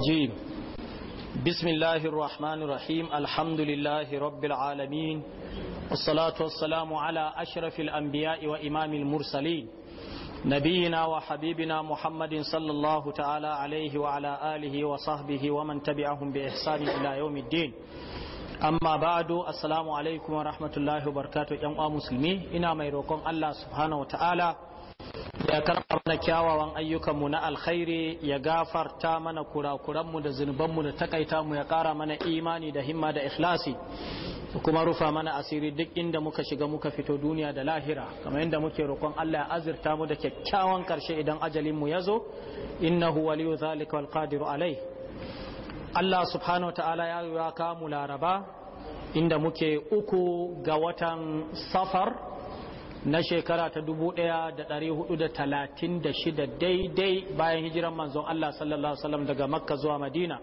الرجيم بسم الله الرحمن الرحيم الحمد لله رب العالمين والصلاة والسلام على أشرف الأنبياء وإمام المرسلين نبينا وحبيبنا محمد صلى الله تعالى عليه وعلى آله وصحبه ومن تبعهم بإحسان إلى يوم الدين amma ba'du assalamu alaikum wa rahmatullahi wa barakatuh yan uwa musulmi ina mai roƙon Allah subhanahu wa ta'ala ya karɓa mana kyawawan ayyukanmu na alkhairi ya gafarta mana kurakuranmu da zunubanmu da takaita mu ya ƙara mana imani da himma da ikhlasi kuma rufa mana asiri duk inda muka shiga muka fito duniya da lahira kamar inda muke roƙon Allah ya azurta mu da kyakkyawan ƙarshe idan ajalin mu yazo innahu waliyu zalika wal qadiru alai Allah subhanahu wa ta'ala ya yi mu laraba inda muke uku ga watan safar na shekara ta 1436 daidai bayan hijiran manzon Allah sallallahu Alaihi wasallam daga makka zuwa madina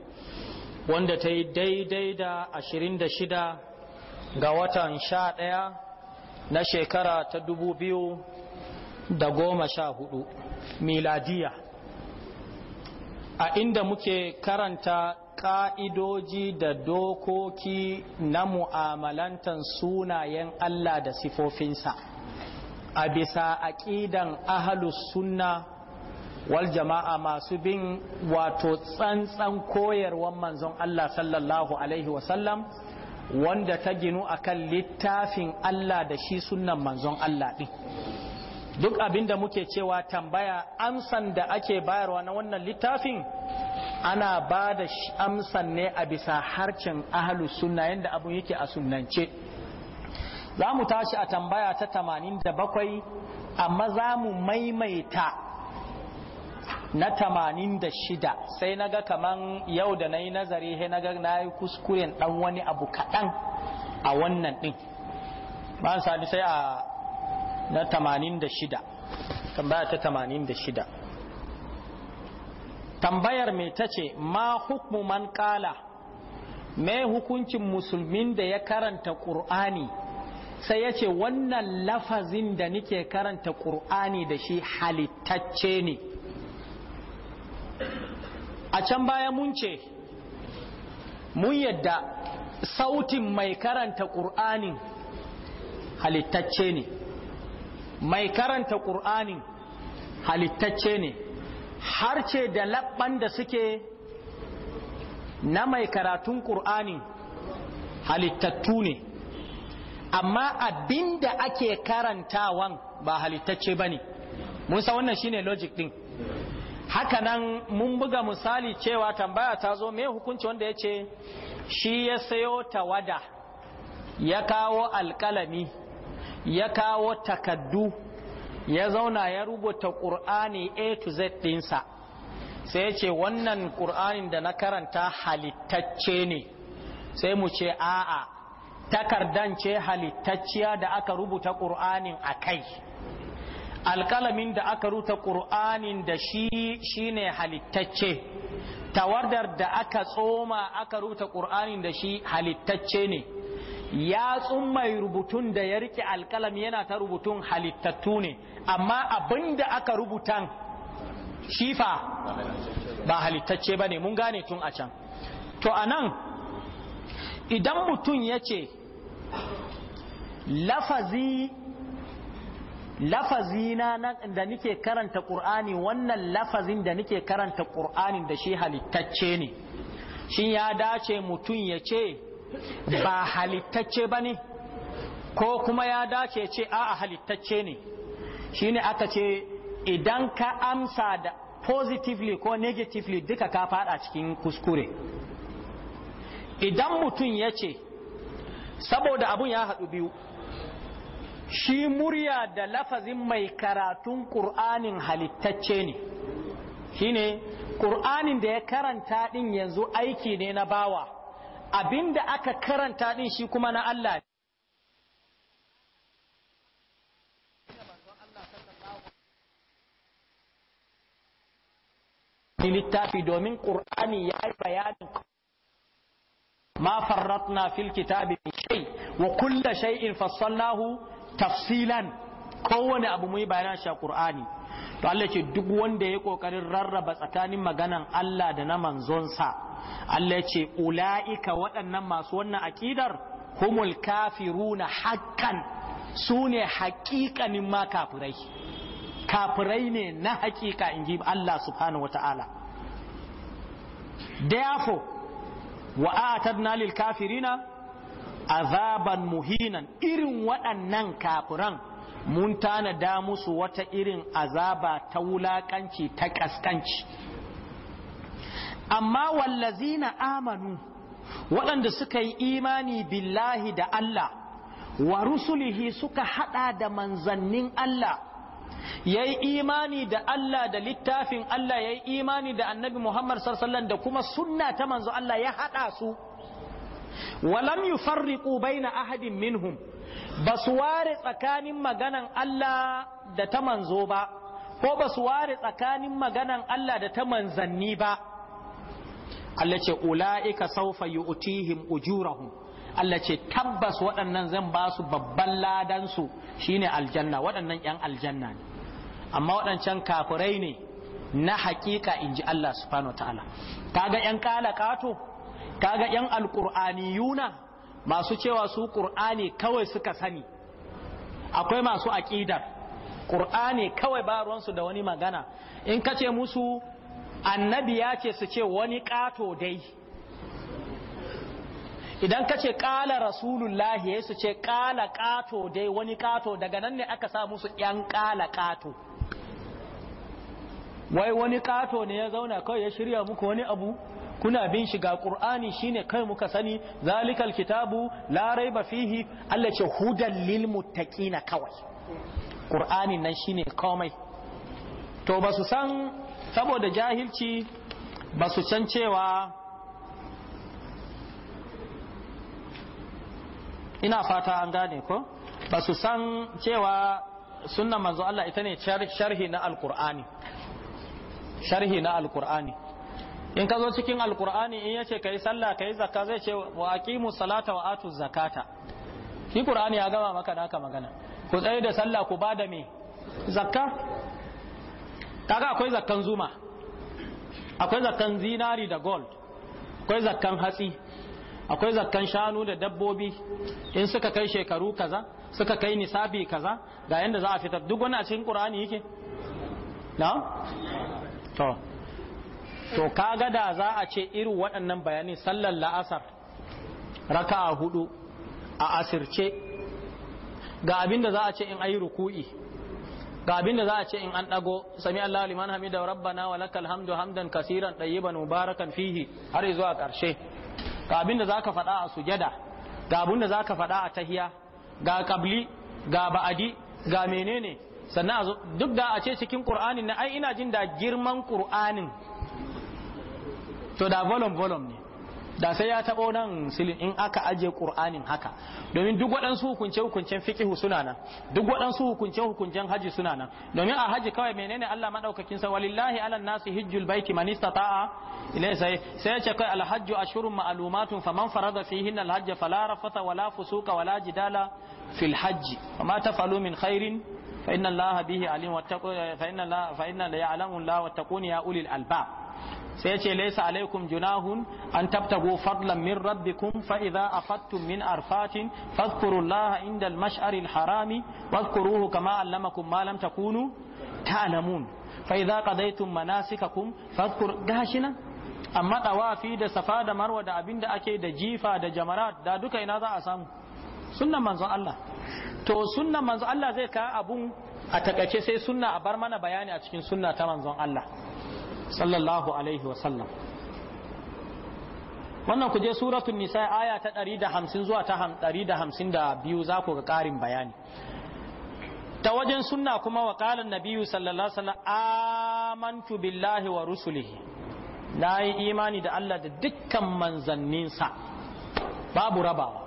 wanda ta yi daidai da 26 ga watan 11 na shekara ta 2014 miladiya a inda muke karanta ka'idoji da dokoki na mu'amalantan sunayen Allah da sifofinsa. a bisa aƙidan ahalus sunna wal jama'a masu bin wato tsantsan koyarwan manzon Allah sallallahu alaihi wasallam wanda ta ginu akan littafin Allah da shi sunnan manzon Allah din duk abinda muke cewa tambaya amsan da ake bayarwa na wannan littafin ana ba da amsan ne a bisa harcin ahalus sunna yadda abun yake a sunnance za mu tashi a tambaya ta 87 amma za mu maimaita na 86 sai na ga kaman yau da na yi nazari sai na ga na yi kuskuren dan wani abu kaɗan a wannan ɗin ba sami sai a na 86 tambaya ta 86 tambayar mai ta ce ma hukumman kala mai hukuncin musulmin da ya karanta ƙur'ani sai ya ce wannan lafazin da nike karanta ƙur'ani da shi halittacce ne a can baya mun ce mun yadda sautin mai karanta ƙur'anin halittacce ne mai karanta ƙur'anin halittacce ne har ce da labban da suke na mai karatun ƙur'anin halittattu ne amma da ake karantawan ba halittacce ba ne musa wannan shine logic din hakanan mun buga misali cewa tambaya ta zo me hukunci wanda ya ce shi ya sayo tawada ya kawo alkalami ya kawo takaddu ya zauna ya rubuta ƙur'ani a to z ɗinsa sai ya ce wannan ƙur'anin da na karanta halittacce ne sai mu ce a'a takardan ce halittacciya da aka rubuta ƙur'anin a kai alƙalamin da aka rubuta ƙur'anin da shi shine halittacce tawardar da aka tsoma aka rubuta ƙur'anin da shi halittacce ne yatsun mai rubutun da ya rike alƙalam yana ta rubutun halittattu ne amma abin da aka rubutan shifa ba halittacce ba ne mun gane tun a can to a nan idan mutum ya ce lafazi lafazina da nike karanta ƙur'ani wannan lafazin da nike karanta ƙur'anin da shi halittacce ne shi ya dace mutum ya ce ba halittacce ba ne ko kuma ya dace ce a halittacce ne shi ne aka ce idan ka amsa da positively ko negatively duka ka fada cikin kuskure idan mutum ya ce saboda abun ya haɗu biyu shi murya da lafazin mai karatun ƙur'anin halittacce ne shine ƙur'anin da ya karanta ɗin yanzu aiki ne na bawa abinda aka karanta ɗin shi kuma na Allah ne littafi domin ƙur'ani ya yi bayanin ما فرطنا في الكتاب من wa وكل شيء فصلناه tafsilan kowane abu مي بيان shi قراني to Allah ce duk wanda ya kokarin rarraba tsakanin maganan Allah da na manzonsa Allah ce ula'ika waɗannan masu wannan akidar humul kafiruna hakkan sune haƙiƙanin ma kafirai kafirai ne na haƙiƙa inji Allah subhanahu wata'ala therefore wa atadna lil kafirina azaban muhinan irin waɗannan kafiran mun tanada musu wata irin azaba ta wulakanci ta kaskanci amma wallazina amanu waɗanda suka yi imani billahi da Allah wa rusulihi suka hada da manzannin Allah ya yi imani da Allah da littafin Allah ya yi imani da annabi Muhammad sallallahu da kuma sunna ta manzo Allah ya haɗa su walam yufarriqu baina ahadin minhum ba su ware tsakanin maganan Allah da ta manzo ba ko ba su ware tsakanin maganan Allah da ta manzanni ba Allah ce ula'ika saufa yu'tihim ujurahum Allah ce tabbas waɗannan zan ba su babban ladan su shine aljanna waɗannan yan aljanna ne amma waɗancan kafirai ne na hakika in ji Allah subhanahu ta'ala kaga yan kalakato kaga yan yuna? masu cewa su qur'ani kawai suka sani akwai masu aƙidar qur'ani kawai ba ruwansu da wani magana in kace musu annabi ya ce su ce wani kato dai idan ka ce ƙala rasulullahi yesu ce ƙala ƙato dai wani ƙato daga nan ne aka sa musu ‘yan ƙala ƙato wai wani ƙato ne ya zauna kawai ya shirya muku wani abu kuna bin shi ga ƙur'ani ne kai muka sani zalikal kitabu Larai ba fihi Allah ce hudan ta ƙina kawai ƙur'ani nan shi ne komai to ba su san saboda jahilci ba su san cewa ina fata an gane ko ba su san cewa sunnan manzo Allah ita ne sharhi na alqur'ani sharhi na alqur'ani in ka zo cikin alqur'ani in yace kai sallah kai zakka zai ce wa aqimu salata wa atu zakata shi qur'ani ya gama maka naka magana ku tsaye da sallah ku bada me zakka kaga akwai zakkan zuma akwai zakkan zinari da gold akwai zakkan hatsi akwai zakkan shanu da dabbobi in suka kai shekaru kaza suka kai nisabi kaza ga yanda za a fitar duk wani a cikin qur'ani yake na to to kaga da za a ce irin waɗannan bayani sallar la'asar raka'a hudu a asirce ga abin da za a ce in ayi ruku'i ga abin da za a ce in an ɗago sami Allah liman hamida rabbana wa lakal hamdu hamdan kasiran tayyiban mubarakan fihi har zuwa ƙarshe ga abin za ka faɗa a sujada ga abin za ka faɗa a tahiya ga kabli ga ba'adi ga menene sannan duk da a ce cikin qur'anin na ai ina jin da girman qur'anin to da volum volum ne da sai ya taɓo nan silin in aka ajiye ƙur'anin haka domin duk waɗansu hukunce hukuncen fiqihu suna nan duk waɗansu hukunce hukuncen haji suna nan domin a haji kawai menene Allah madaukakin sa walillahi alan nasi hijjul baiti man istata'a ilai sai sai ya ce kai alhajju ashurun ma'lumatun faman farada fihinna alhajja fala rafatha wala fusuka wala jidala fil hajji amma min khairin fa inna allaha yace laysa alaikum junahun an tabtagu fadlan min rabbikum fa idza min arfatin fadhkuru allaha mashari harami wadhkuruhu kama allamakum ma lam fa idza qadaytum manasikakum fadhkuru gashina amma da safa da abinda ake da jifa da da duka ina za a samu sunnan manzon Allah to sunnan manzon Allah zai ka abun a takaice sai sunna a bar mana bayani a cikin sunna ta manzon Allah sallallahu alaihi wa sallam wannan ku je suratul nisa aya ta 150 zuwa ta 152 za ku ga karin bayani ta wajen sunna kuma wa qalan nabiyyu sallallahu alaihi wasallam amantu billahi wa rusulihi na yi imani da Allah da dukkan manzanninsa babu rabawa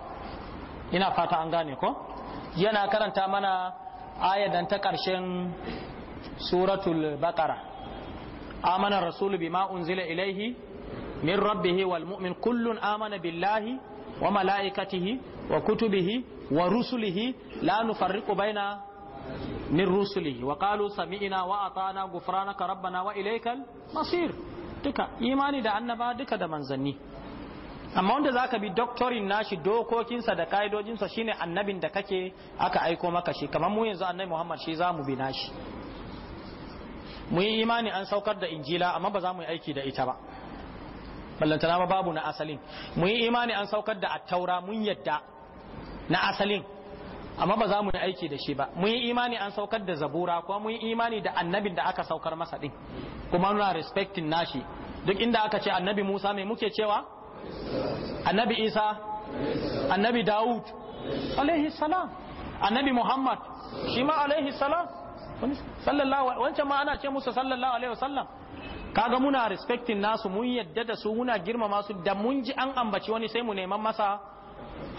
ina fata an gane ko yana karanta mana ayadan ta ƙarshen suratul baqara amana rasulu bima unzila ilaihi min rabbihi wal mu'min kullun amana billahi wa malaikatihi wa kutubihi wa rusulihi la nufarriqu baina min rusulihi wa qalu sami'na wa atana ghufranaka rabbana wa ilaykal masir duka imani da annaba duka da manzanni amma wanda zaka bi doktorin nashi dokokinsa da ka'idojinsa shine annabin da kake aka aiko maka shi kamar mu yanzu annabi Muhammad shi zamu bi nashi mu yi imani an saukar da injila amma ba za mu yi aiki da ita ba ballantana ma babu na asalin mu yi imani an saukar da attaura mun yadda na asalin amma ba za mu yi aiki da shi ba mun yi imani an saukar da zabura kuma mun yi imani da annabin da aka saukar masa din kuma muna respecting nashi duk inda aka ce annabi Musa mai muke cewa annabi isa annabi dawud alaihi salam annabi muhammad shi ma alaihi salam wancan ma ana ce Musa sallallahu alaihi wasallam kaga muna respectin nasu mun yadda da su muna girmama su da mun ji an ambaci wani sai mu neman masa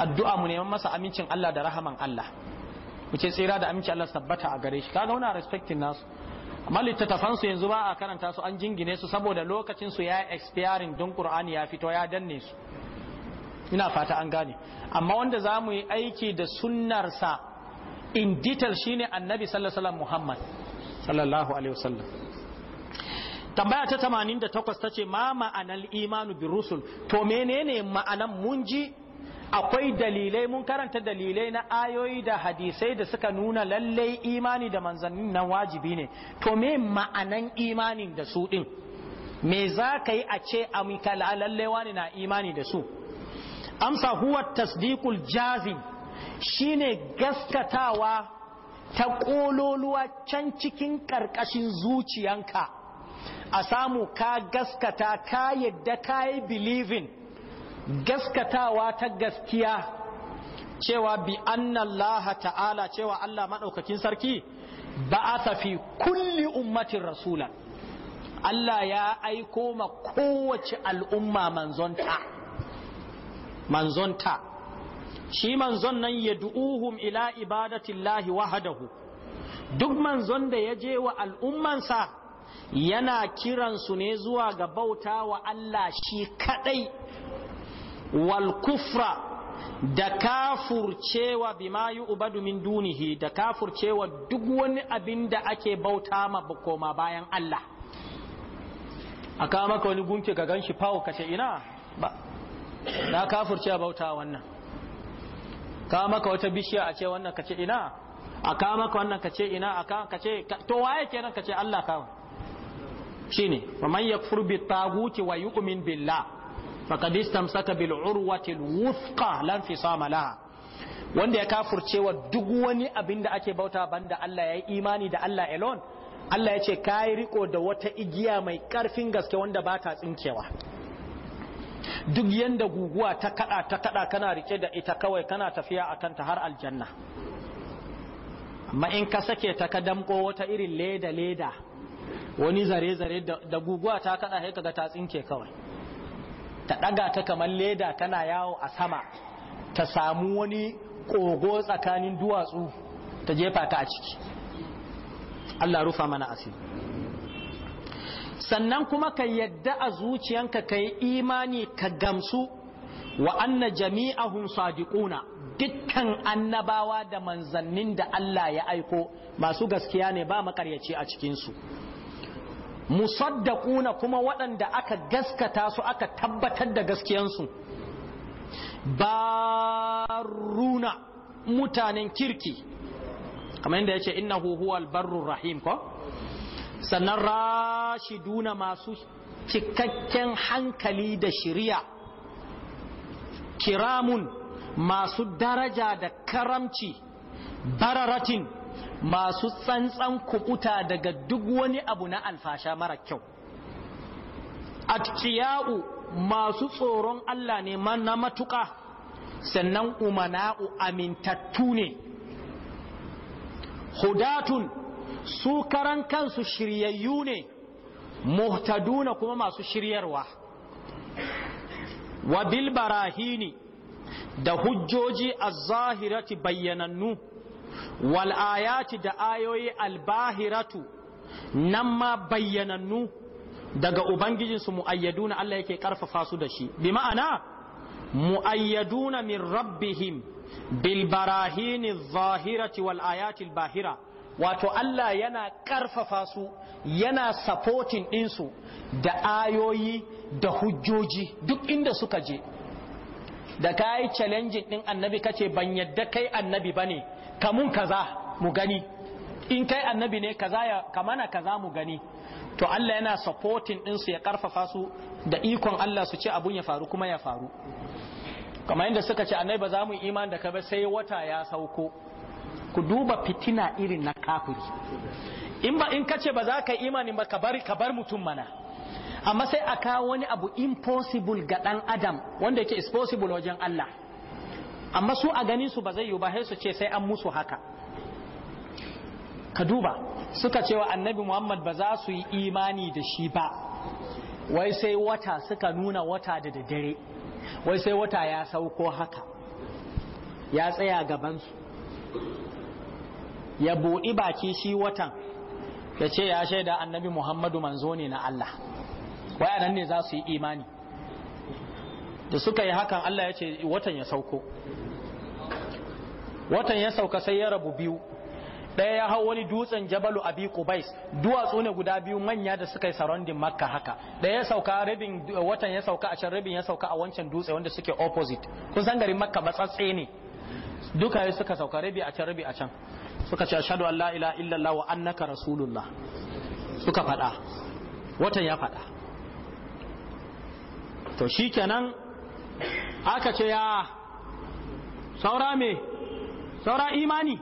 addu'a mu neman masa amincin Allah da rahaman Allah mu ce tsira da amincin Allah tabbata a gare shi kaga muna respectin nasu amma su yanzu ba a karanta su an jingine su saboda lokacin su ya expiring don qur'ani ya fito ya danne su ina fata an gane amma wanda za mu yi aiki da sunnarsa in detail shine annabi sallallahu alaihi muhammad sallallahu alaihi wasallam tambaya ta 88 tace ma ma'anar imanu bi rusul to menene ma'anan mun ji akwai dalilai mun karanta dalilai na ayoyi da hadisai da suka nuna lallai imani da manzannin nan wajibi ne to me ma'anan imani da su din me za ka yi a ce amika lallai wani na imani da su amsa huwa tasdiqul jazim shine gaskatawa ta kololuwa can cikin karkashin zuciyanka a samu ka gaskata ka yadda ka yi believing gaskatawa ta gaskiya cewa bi annallaha ta'ala cewa Allah maɗaukakin sarki ba'a tafi kulli ummatin rasula Allah ya aiko ma kowace al'umma manzonta manzonta shi manzon nan ya du'uhum ila ibadatillahi wahadahu duk manzon da ya je wa al'ummansa yana kiransu ne zuwa ga bauta wa Allah shi kadai wal kufra da kafurcewa bima ubadu min dunihi da kafurcewa duk wani abin da ake bauta ma koma bayan Allah aka maka wani gunke ka ganshi fawo kace ina ba na kafurcewa bauta wannan ka maka wata bishiya a ce wannan kace ina aka maka wannan kace ina aka kace to waye kenan kace Allah kawai shine man yakfur bi taguti wa yu'min billah faqad istamsaka bil urwatil wuthqa lan fisama laha wanda ya kafurcewa duk wani abin da ake bauta banda Allah ya yi imani da Allah alone Allah ya ce ka yi riko da wata igiya mai karfin gaske wanda ba ta tsinkewa duk yanda guguwa ta kada ta kada kana rike da ita kawai kana tafiya a kanta har aljanna amma in ka sake ta ka damko wata irin leda leda wani zare zare da guguwa ta kada sai kaga ta tsinke kawai ta ɗaga ta kamar leda tana yawo a sama ta samu wani ƙogo tsakanin duwatsu ta jefa ta a ciki Allah rufa mana asiri sannan kuma ka yadda a zuciyanka ka yi imani ka gamsu wa anna jami'ahum sadiquna dukkan annabawa da manzannin da Allah ya aiko masu gaskiya ne ba makaryaci a cikinsu musaddaquna kuma waɗanda aka gaskata su aka tabbatar da gaskiyansu baruna mutanen kirki kamar yadda yace innahu huwal barrur rahim ko sannan rashiduna masu cikakken hankali da shiriya kiramun masu daraja da karamci bararatin masu tsantsan kukuta daga duk wani abu na alfasha mara kyau atkiya'u masu tsoron Allah ne na matuƙa sannan umana'u amintattu ne hudatun su karan kansu shiryayyu ne muhtaduna kuma masu shiryarwa wa bil barahini da hujjoji az-zahirati bayyanannu wal da ayoyi albahiratu nan ma bayyanannu daga ubangijinsu mu'ayyaduna Allah yake karfafa su da shi bi ma'ana mu'ayyaduna min rabbihim bil barahini zahirati wal ayati bahira wato Allah yana karfafa su yana supporting ɗinsu da ayoyi da hujjoji duk inda suka je da ka yi challenging ɗin annabi kace ban yadda kai annabi bane kamun kaza mu gani in kai annabi ne kaza ya kamana kaza mu gani to Allah yana supporting din su ya karfafa su da ikon Allah su ce abun ya faru kuma ya faru kamar yadda suka ce annabi ba za mu iman da ka ba sai wata ya sauko ku duba fitina irin na kafiri in ba in kace ba za ka imani ba ka bari ka bar mutum mana amma sai a kawo wani abu impossible ga dan adam wanda yake is possible wajen Allah amma su a ganin su ba zai yi ba sai su ce sai an musu haka ka duba suka ce wa annabi muhammad ba za su yi imani da shi ba wai sai wata suka nuna wata da daddare wai sai wata ya sauko haka ya tsaya gabansu ya buɗi baki shi watan ya ce ya shaida annabi muhammadu manzo ne na allah wayanan ne za su yi imani da suka yi hakan Allah ya ce watan ya sauko watan ya sauka sai ya rabu biyu ɗaya ya hau wani dutsen jabalu bi kubais duwatsu ne guda biyu manya da suka yi sarandin makka haka ɗaya ya sauka rabin watan ya sauka a can rabin ya sauka a wancan dutse wanda suke opposite kun san garin makka batsatse ne duka ya suka sauka rabi a can rabi a can suka ce ashhadu an la ilaha illallah wa annaka rasulullah suka faɗa watan ya faɗa to shikenan aka ce ya saura me saura imani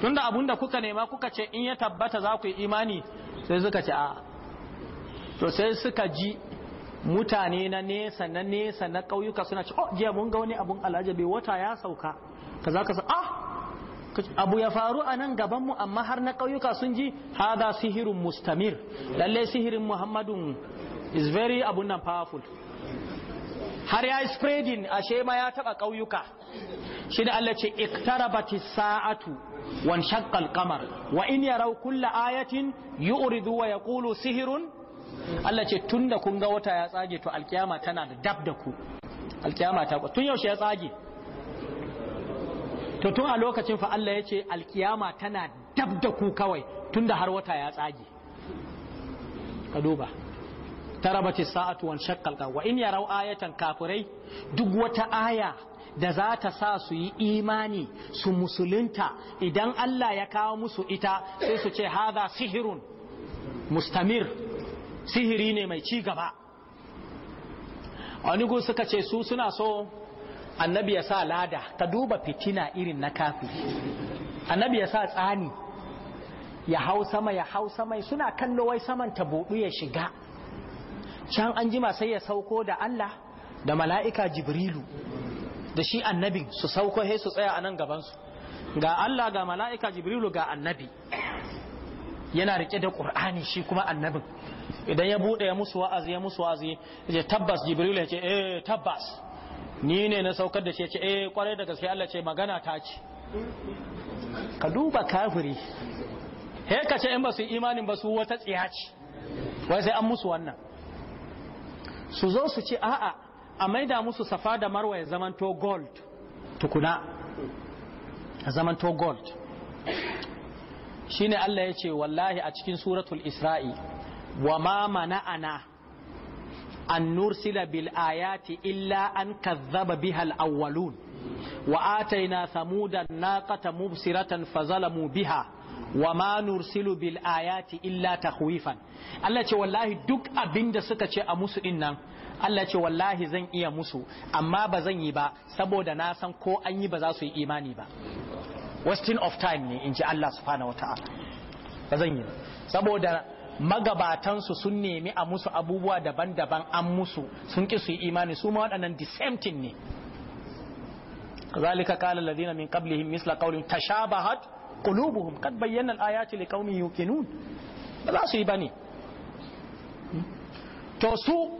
tunda abunda kuka nema kuka ce in ya tabbata za ku yi imani sai suka ce a to sai suka ji mutane na nesa na nesa na ƙauyuka suna ce oh jiya mun ga wani abun alajabi wata ya sauka ka za ka sa ah abu ya faru a nan gabanmu amma har na ƙauyuka sun ji hada sihirin mustamir lallai sihirin muhammadun is very abun nan powerful har ya spreading ashe ma ya taba ƙauyuka shi da Allah ce iktarabati sa'atu wan shaqqal qamar wa in yaraw kulla ayatin yu'ridu wa yaqulu sihrun Allah ce tunda kun ga wata ya tsage to alkiyama tana da dab da ku alkiyama ta tun yaushe ya tsage to tun a lokacin fa Allah ya ce alkiyama tana dab da ku kawai tunda har wata ya tsage ka duba tarabati sa'atu wan shaqqal wa in yarau ayatan kafirai duk wata aya da za ta sa su yi imani su musulunta idan Allah ya kawo musu ita sai su ce haza sihirun mustamir sihiri ne mai ci gaba wani gun suka ce su suna so annabi ya sa lada ka duba fitina irin na kafi annabi ya sa tsani ya hau sama ya hau sama suna kallo wai saman ta buɗu ya shiga can an jima sai ya sauko da Allah da mala'ika jibrilu da shi annabin su sauko su tsaya a nan gabansu ga Allah ga mala'ika jibrilu ga annabi yana rike da ƙur'ani shi kuma annabin idan ya buɗe ya musu wa'azi ya musu wa'azi ya tabbas jibrilu ya ce eh tabbas ni ne na saukar da shi ya ce eh kwarai da gaske Allah ce magana ta ce ka duba kafiri he ka ce in ba su imanin ba su wata tsiya ce wai sai an musu wannan su zo su ce a'a a maida musu safa da marwa ya zamanto gold tukuna zamanto gold shine Allah ya ce wallahi a cikin suratul isra'i wa ma mana'ana an nursila bil ayati illa an kazzaba biha al awwalun wa ataina thamuda naqata mubsiratan fazalamu biha wa ma nursilu bil ayati illa takhwifan Allah ce wallahi duk abinda suka ce a musu din nan Allah ce wallahi zan iya musu amma ba zan yi ba saboda na san ko an yi ba za su yi imani ba wasting of time ne in ji Allah subhanahu wata'ala ba zan yi saboda magabatansu sun nemi a musu abubuwa daban-daban an musu sun ki su yi imani su ma waɗannan the same thing ne kazalika qala alladhina min qablihim misla qawlin tashabahat qulubuhum qad bayyana al liqaumin yuqinun ba za su yi bane to su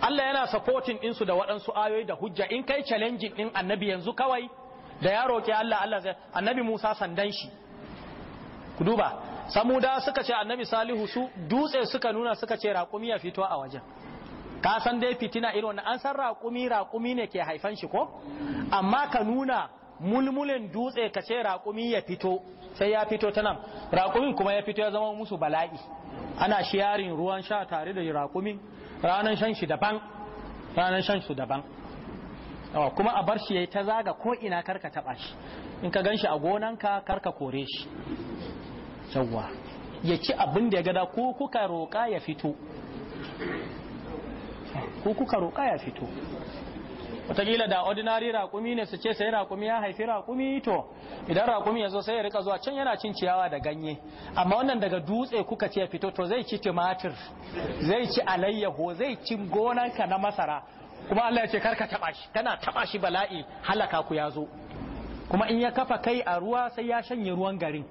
Allah yana supporting din su da waɗansu ayoyi da hujja in kai challenge din annabi yanzu kawai da yaro ke Allah Allah zai annabi Musa sandan shi ku duba samuda suka ce annabi salihu su dutse suka nuna suka ce raƙumi ya fito a wajen ka san dai fitina irin wannan an san raƙumi raƙumi ne ke haifan shi ko amma ka nuna Mulmulin dutse ka ce raƙumi ya fito sai ya fito ta nan raƙumin kuma ya fito ya zama musu bala'i ana shiyarin ruwan sha tare da raƙumin ranar shan shi daban ranar shan su daban kuma a bar shi ya ta zaga ko ina karka taɓa shi in ka gan shi a gonanka karka kore shi yawwa ya ci abin da ya gada ko kuka roƙa ya fito ko kuka roƙa ya fito wataƙila da ordinary raƙumi ne su ce sai raƙumi ya haifi raƙumi to idan raƙumi ya zo sai ya rika zuwa can yana cin ciyawa da ganye amma wannan daga dutse kuka ce fito to zai ci tumatir zai ci alayyaho zai ci gonanka na masara kuma Allah ya ce karka taɓa shi kana taɓa shi bala'i halaka ku ya zo kuma in ya kafa kai a ruwa sai ya shanye ruwan garin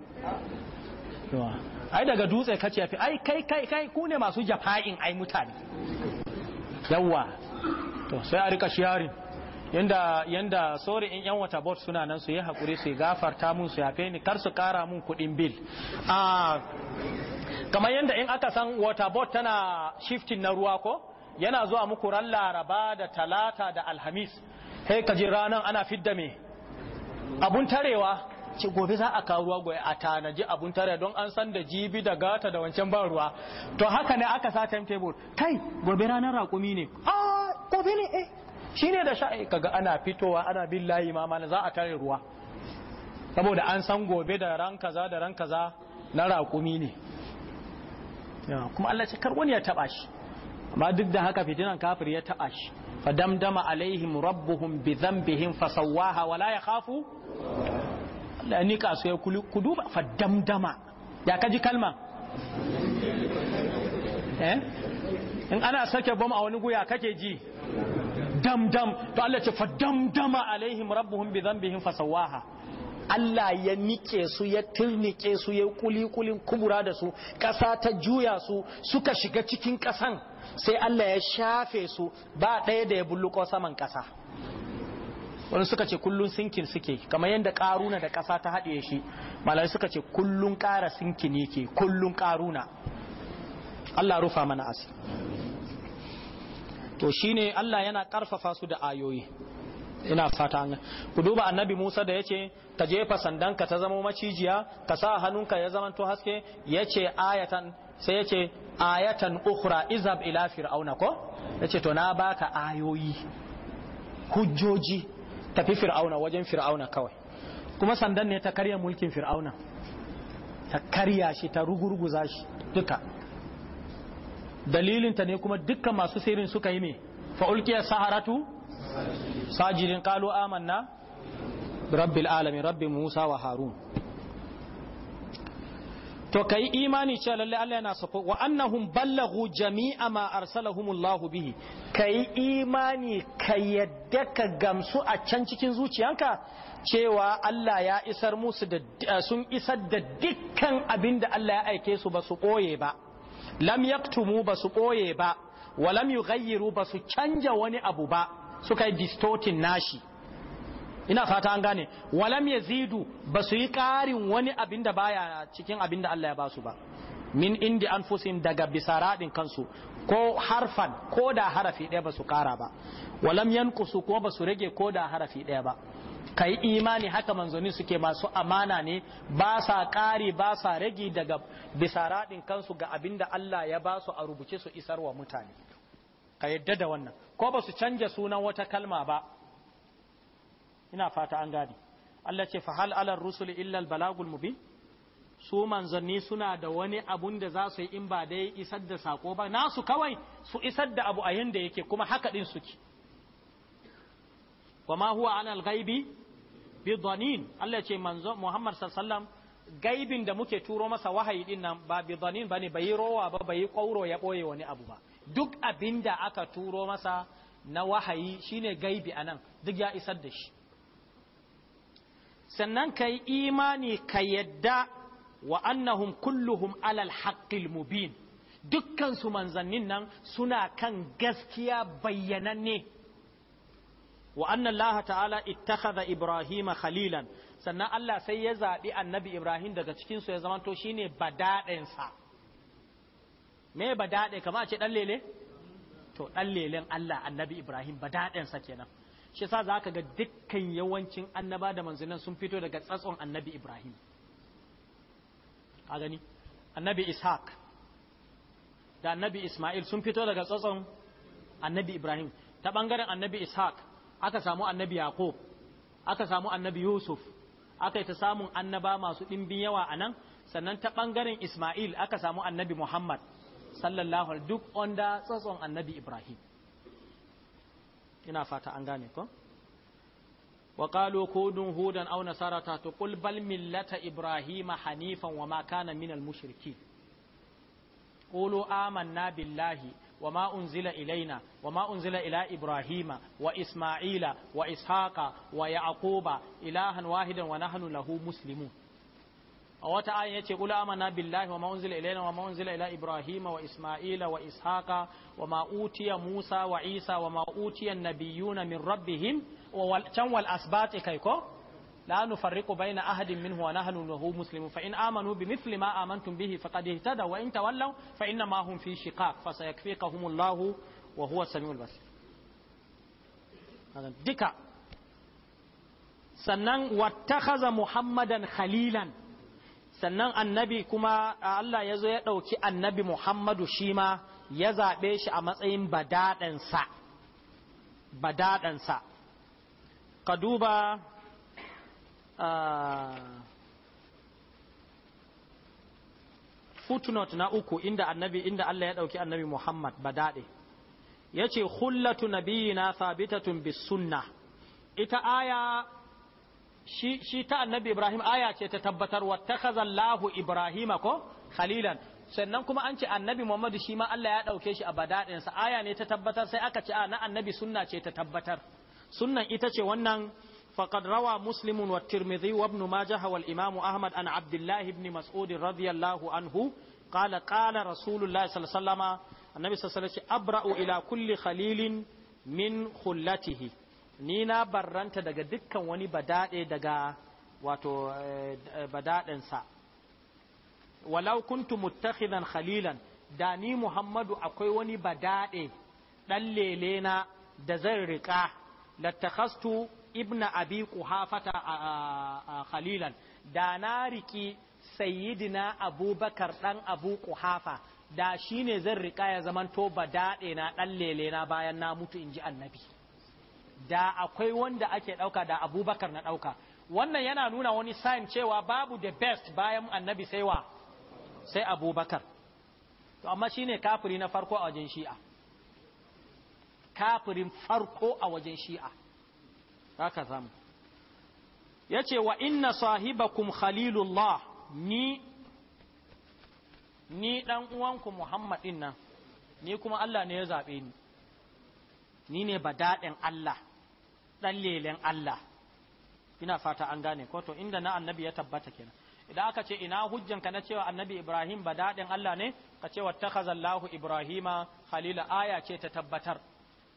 ai daga dutse kace ce ai kai kai kai ku ne masu jafa'in ai mutane yawwa to sai a rika shiyarin yanda yanda sore in yan wata bot suna nan su yi hakuri su gafarta mun su yafe ni kar su kara mun kuɗin bill ah kamar yanda in aka san wata bot tana shifting na ruwa ko yana zuwa muku ran laraba da talata da alhamis sai ka ji ranan ana fidda me abun tarewa ce gobe za a kawo ruwa gobe a tanaji abun tare don an san da jibi da gata da wancan ban ruwa to haka ne aka sa timetable kai gobe ranar rakumi ne a ah, gobe ne eh Shi ne da sha'i kaga ana fitowa ana bin layi ma mana za a tare ruwa saboda an san gobe da ran kaza da ran kaza na raƙumi ne kuma Allah ce kar wani ya taba shi amma duk da haka fitinan kafir ya taba shi fa damdama alaihim rabbuhum bi dhanbihim fasawwaha wala yakhafu Allah ni ka sai ku duba fa damdama ya kaji kalma eh in ana sake bom a wani guya kake ji damdam to Allah ce fa damdama alaihim rabbuhum bi dhanbihim fasawaha Allah ya nike su ya tirnike su ya kulikulin kubura da su ƙasa ta juya su suka shiga cikin ƙasan sai Allah ya shafe su ba ɗaya da ya bulluko saman ƙasa wani suka ce kullun sinkin suke kamar yadda ƙaruna da ƙasa ta haɗe shi malai suka ce kullun ƙara sinkin yake kullun ƙaruna Allah rufa mana asiri to shine Allah yana karfafa su da ayoyi ina fata ku duba annabi Musa da yace ka jefa sandanka ta zama macijiya ka sa hannunka ya zama to haske yace ayatan sai yace ayatan ukhra izab ila fir'auna ko yace to na baka ayoyi hujjoji tafi fir'auna wajen fir'auna kawai kuma sandan ne ta karya mulkin fir'auna ta karya shi ta rugurguza shi duka dalilinta ne kuma dukkan masu sirrin suka yi ne fa'ulkiyar saharatu sajidin kalu amanna rabbil alamin musa wa harun to kai imani cewa lalle Allah yana sako wa annahum ballaghu jami'a ma arsalahumullahu bihi kai imani ka yadda ka gamsu a can cikin zuciyanka cewa Allah ya isar musu da sun isar da dukkan abinda Allah ya aike su ba su koye ba lam yaktumu ba su ɓoye ba wa lam yughayyiru ba su canja wani abu ba suka yi distortin nashi ina fata an gane walam yazidu ba su yi ƙarin wani abin da baya cikin abin da Allah ya ba su ba min indi anfusin daga bisaradin kansu ko harfan ko da harafi ɗaya ba su ƙara ba walam yankusu ko ba su rage ko da harafi ɗaya ba ka yi imani haka manzoni suke masu amana ne ba sa ƙari ba sa ragi daga bisa raɗin kansu ga abin da Allah ya ba su a rubuce su isarwa mutane ka yadda da wannan ko ba su canja sunan wata kalma ba ina fata an gadi Allah ce fa hal alar rusul illal balagul mubin su manzanni suna da wani abun da za su yi in ba dai isar da sako ba nasu kawai su isar da abu a yanda yake kuma haka din suke wa ma huwa ala ghaibi bi allah Allah ce manzo Muhammad sallallahu gaibin da muke turo masa wahayi din nan ba bi dhanin bane bai rowa ba bai kauro ya boye wani abu ba duk abinda aka turo masa na wahayi shine gaibi anan duk ya isar da shi sannan kai imani ka yadda wa annahum kulluhum alal haqqil mubin dukkan su manzannin nan suna kan gaskiya bayyananne wa anna Allah ta'ala ittakhadha Ibrahima khalilan sannan Allah sai ya zaɓi annabi Ibrahim daga cikin su ya zamanto shine badaden sa me badade kama a ce dan lele to dan lelen Allah annabi Ibrahim badaden sa kenan shi sa za ka ga dukkan yawancin annaba da manzannin sun fito daga tsatson annabi Ibrahim a gani annabi Ishaq da annabi Ismail sun fito daga tsatson annabi Ibrahim ta bangaren annabi Ishaq aka samu annabi yaqub aka samu annabi yusuf aka yi ta samun annaba masu ɗimbin yawa a nan sannan ta ɓangaren isma'il aka samu annabi muhammad sallallahu alaihi duk onda tsatson annabi ibrahim ina fata an gane ko wa qalu hudan aw nasara ta qul bal millata ibrahima hanifan wa ma kana minal mushrikin qulu amanna billahi wa ma unzila ilaina wa unzila ila ibrahima wa isma'ila wa ishaqa wa yaquba ilahan wahidan wa nahnu lahu muslimun a wata ayin yace qul amanna billahi wa ma unzila ilaina wa unzila ila ibrahima wa isma'ila wa ishaqa wa ma utiya musa wa isa wa ma utiya nabiyuna min rabbihim wa wal kai ko fari nufarriqu baina ahadin minhu wa nahnu lahu muslimun fa in amanu bimithli ma amantum bihi faqad ihtada wa in tawallaw fa inna ma hum fi shiqaq wa duka sannan watakaza muhammadan khalilan sannan annabi kuma Allah ya zo ya ɗauki annabi Muhammadu shi ma ya zaɓe shi a matsayin badaɗansa badaɗansa ka duba Ah. footnote na uku inda annabi inda Allah ya ɗauki annabi Muhammad daɗe ya ce hullatu nabiyina sabitatun bis sunna ita aya shi, shi ta annabi Ibrahim aya ce ta tabbatar wa takhazallahu Ibrahima ko khalilan sannan kuma an ce annabi Muhammad shi ma Allah ya ɗauke shi a badaɗinsa aya ne ta tabbatar sai aka ce a na annabi sunna ce ta tabbatar sunnan ita ce wannan فقد روى مسلم والترمذي وابن ماجه والإمام أحمد عن عبد الله بن مسعود رضي الله عنه قال قال رسول الله صلى الله عليه وسلم النبي صلى الله عليه وسلم أبرأ إلى كل خليل min khullatihi ni na barranta daga dukkan wani badade daga wato badadensa walau kuntu muttakhidan khalilan da ni Muhammadu akwai wani badade dan lele na da zan riƙa lattakhastu ibna abi kuhafata a khalilan da na riki sayyidina abubakar dan abu kuhafa da shi ne zan rika ya zamanto ba daɗe na ɗan lele na bayan na mutu in ji annabi da akwai wanda ake ɗauka da abubakar na ɗauka wannan yana nuna wani sign cewa babu the best bayan annabi sai wa sai abubakar to amma shi ne kafiri na farko a wajen shi'a kafirin farko a wajen shi'a haka zamu yace wa inna sahibakum khalilullah ni ni dan uwanku Muhammad nan ni kuma Allah ne ya zabe ni ni ne badaɗin Allah dan lelen Allah ina fata an gane ko to inda na annabi ya tabbata kenan idan aka ce ina hujjanka na cewa annabi Ibrahim badaɗin Allah ne ka ce takazallahu Ibrahima khalila aya ce ta tabbatar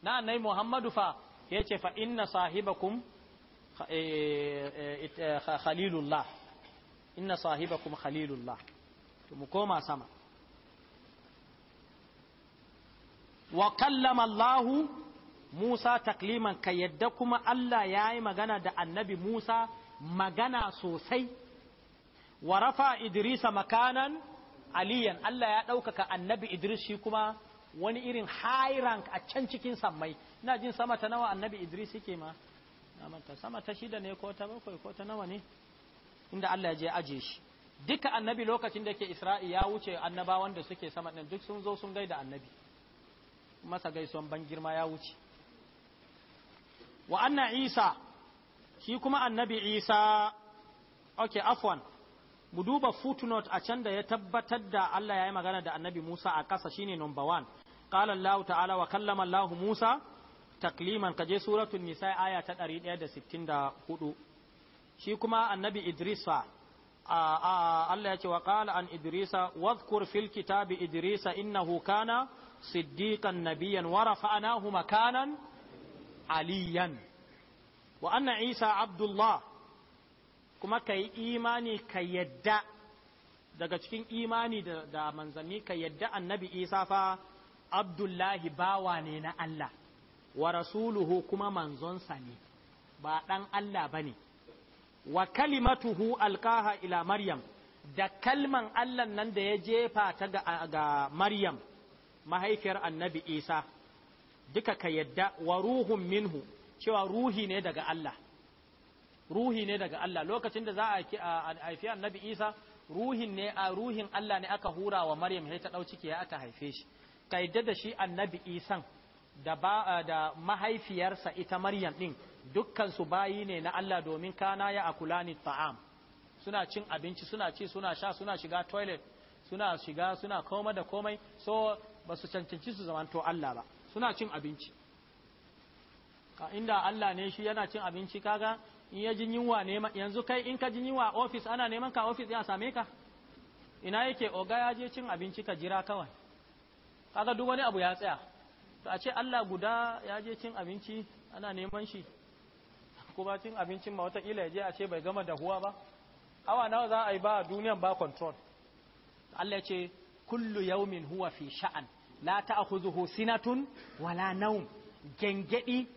na annabi Muhammadu fa ya ce fa inna sahibakum eh, eh, eh, khalilullah inna sahibakum khalilullah to mu koma sama wa kallama Allah Musa takliman ka yadda kuma Allah ya yi magana da annabi Musa magana sosai wa rafa Idrisa makanan aliyan Allah ya ɗaukaka annabi Idris shi kuma wani irin high rank a can cikin sammai ina jin sama ta nawa annabi idris yake ma amanta sama ta shida ne ko ta bakwai ko ta nawa ne inda Allah ya je aje shi duka annabi lokacin da yake isra'i ya wuce annabawan da suke sama din duk sun zo sun gaida annabi masa gaison ban girma ya wuce wa anna isa shi kuma annabi isa okay afwan mu duba footnote a can da ya tabbatar da Allah ya yi magana da annabi Musa a ƙasa shine number one qala Allah ta'ala wa kallama Musa takliman ka je suratun nisa aya ta ɗari ɗaya da sittin 164 shi kuma annabi Idrisa Allah ya ce wa qala an Idrisa wadhkur fil kitabi Idrisa innahu kana siddiqan nabiyyan wa rafa'nahu makanan aliyan wa anna Isa Abdullah kuma kai imani ka yadda daga cikin imani da, da manzanni ka yadda annabi Isa fa abdullahi bawa ne na Allah wa rasuluhu kuma manzonsa ne ba ɗan Allah ba ne wa kalimatuhu alkaha ila maryam da kalman Allah nan da ya jefa ta ga maryam mahaifiyar annabi isa duka ka yadda wa ruhun minhu cewa ruhi ne daga Allah ruhi ne daga Allah lokacin da za a haifi annabi isa ruhin ne a ruhin Allah ne aka hura wa maryam ya ta ɗau ciki ya aka haife shi ka da shi annabi isan da ba eh, da mahaifiyarsa ita maryam din dukkansu bayi ne na Allah domin kana ya ni ta'am suna cin abinci suna ci suna sha suna shiga toilet suna shiga suna koma da komai so ba su cancanci su zamanto Allah ba suna cin abinci ka inda Allah ne shi yana cin abinci kaga in ya ji yunwa nema yanzu kai in ka ji yunwa office ana neman ka office ya same ka ina yake oga ya je cin abinci ka jira kawai kaga duk wani abu ya tsaya to a ce Allah guda ya je cin abinci ana neman shi Ko ba cin abincin ma watakila ya je a ce bai gama da huwa ba awa nawa za a yi ba duniyan ba control Allah ya ce kullu yaumin huwa fi sha'an la ta'khudhuhu sinatun wala nawm gengedi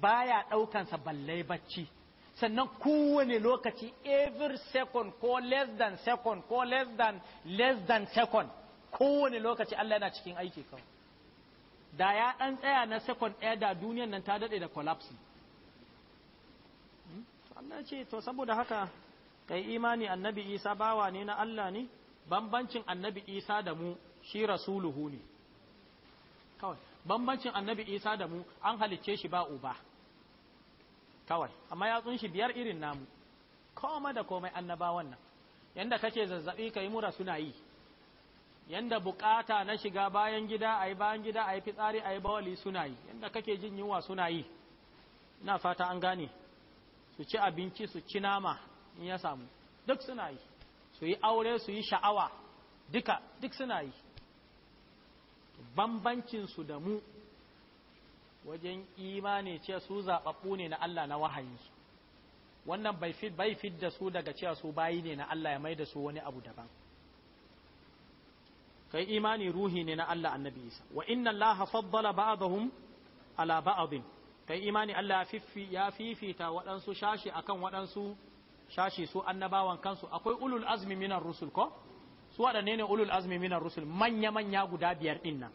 baya sa balle bacci sannan kowane lokaci every second ko less than second ko less than less than second kowane lokaci Allah yana cikin aiki kawai da ya ɗan tsaya na second ɗaya da duniyan nan ta daɗe da collapse hmm? Allah ce to saboda haka kai imani annabi Isa bawa ne na Allah ne bambancin annabi Isa da mu shi rasuluhu ne kawai bambancin annabi Isa da mu an halicce shi ba uba kawai amma ya shi biyar irin namu koma da komai annabawan nan yanda kake ka yi mura suna yi yanda bukata na shiga bayan gida a yi bayan gida a yi fitsari a yi bawali suna yi yanda kake jin yunwa suna yi ina fata an gane su ci abinci su ci nama in ya samu duk suna yi su yi aure su yi sha'awa duka duk suna yi bambancinsu da mu wajen imani ce su zaɓaɓɓu ne na Allah na wahayi, wannan bai fit da su daga cewa su bayi ne na Allah ya mai da su wani abu daban kai imani ruhi ne na Allah annabi Isa wa inna Allah faddala ba'dahum ala ba'din kai imani Allah ya fifita waɗansu shashi akan waɗansu shashi su annabawan kansu akwai ulul azmi minar rusul ko su waɗanne ne ulul azmi minar rusul manya manya guda biyar din nan